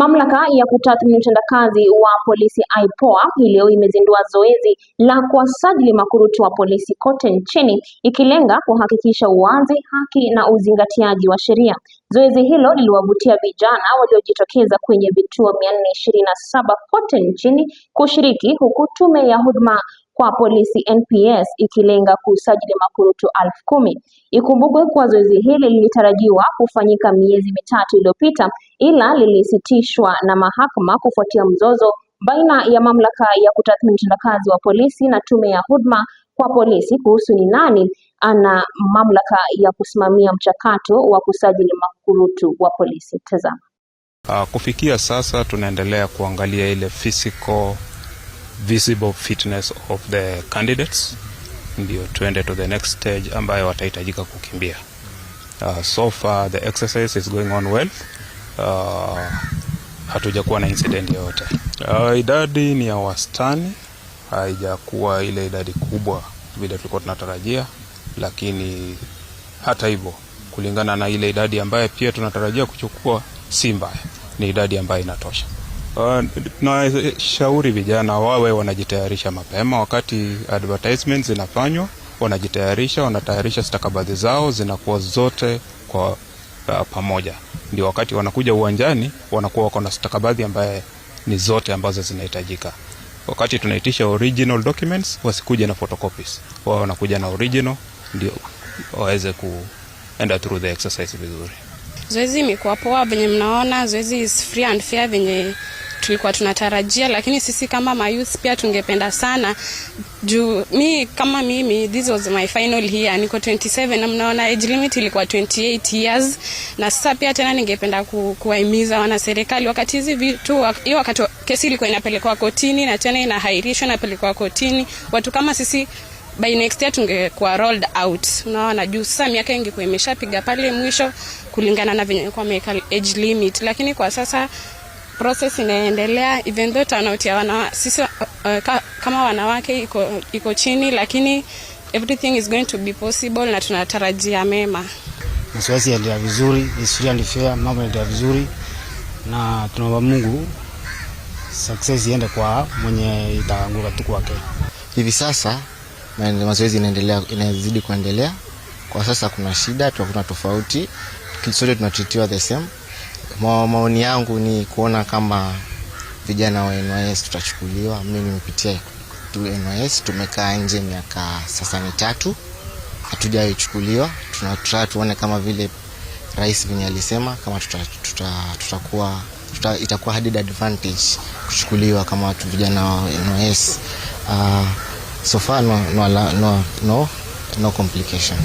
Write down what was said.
Mamlaka ya kutathmini utendakazi wa polisi IPOA hii leo imezindua zoezi la kuwasajili makurutu wa polisi kote nchini ikilenga kuhakikisha uwazi, haki na uzingatiaji wa sheria. Zoezi hilo liliwavutia vijana waliojitokeza kwenye vituo mia nne ishirini na saba kote nchini kushiriki huku tume ya huduma kwa polisi NPS ikilenga kusajili makurutu elfu kumi. Ikumbukwe kuwa zoezi hili lilitarajiwa kufanyika miezi mitatu iliyopita ila lilisitishwa na mahakama kufuatia mzozo baina ya mamlaka ya kutathmini utendakazi wa polisi na tume ya huduma kwa polisi kuhusu ni nani ana mamlaka ya kusimamia mchakato wa kusajili makurutu wa polisi. Tazama. Uh, kufikia sasa tunaendelea kuangalia ile physical visible fitness of the candidates ndio tuende to the next stage ambayo watahitajika kukimbia. Uh, so far the exercise is going on well. Uh, hatujakuwa na incident yoyote. Uh, idadi ni ya wastani, haijakuwa ile idadi kubwa vile tulikuwa tunatarajia, lakini hata hivyo, kulingana na ile idadi ambayo pia tunatarajia kuchukua, si mbaya, ni idadi ambayo inatosha. Uh, tunashauri vijana wawe wanajitayarisha mapema wakati advertisement zinafanywa, wanajitayarisha, wanatayarisha stakabadhi zao zinakuwa zote kwa uh, pamoja, ndio wakati wanakuja uwanjani wanakuwa wako na stakabadhi ambaye ni zote ambazo zinahitajika. Wakati tunaitisha original documents, wasikuje na photocopies, wao wanakuja na original ndio waweze kuenda through the exercise vizuri. Zoezi imekuwa poa venye mnaona, zoezi is free and fair venye tulikuwa tunatarajia, lakini sisi kama mayouth pia tungependa sana juu mi kama mimi this was my final year, niko 27 na mnaona age limit ilikuwa 28 years, na sasa pia tena ningependa ku, kuwahimiza wana serikali wakati hizi vitu hiyo, wakati kesi ilikuwa inapelekwa kotini na tena inahairishwa inapelekwa kotini, watu kama sisi by next year tungekuwa rolled out, unaona juu sasa miaka ingekuwa imeshapiga pale mwisho kulingana na venye kwa medical age limit, lakini kwa sasa process inaendelea, even though turnout ya wana, sisi uh, uh, ka, kama wanawake iko, iko chini, lakini everything is going to be possible na tunatarajia mema. Mazoezi yalienda vizuri, historia fair mambo yalienda vizuri na tunaomba Mungu success iende kwa mwenye itaanguka tu kwake. Hivi sasa mazoezi inaendelea, inazidi kuendelea. Kwa sasa kuna shida, tuna tofauti, kisote tunatreatiwa the same Maoni yangu ni kuona kama vijana wa NYS tutachukuliwa. Mimi nimepitia tu NYS, tumekaa nje miaka sasa mitatu, hatujaichukuliwa. Tunataka tuone kama vile rais venye alisema kama tutakuwa tuta, itakuwa hadi advantage kuchukuliwa kama watu vijana wa NYS. Uh, ah, so far no, no, no, no, no complication.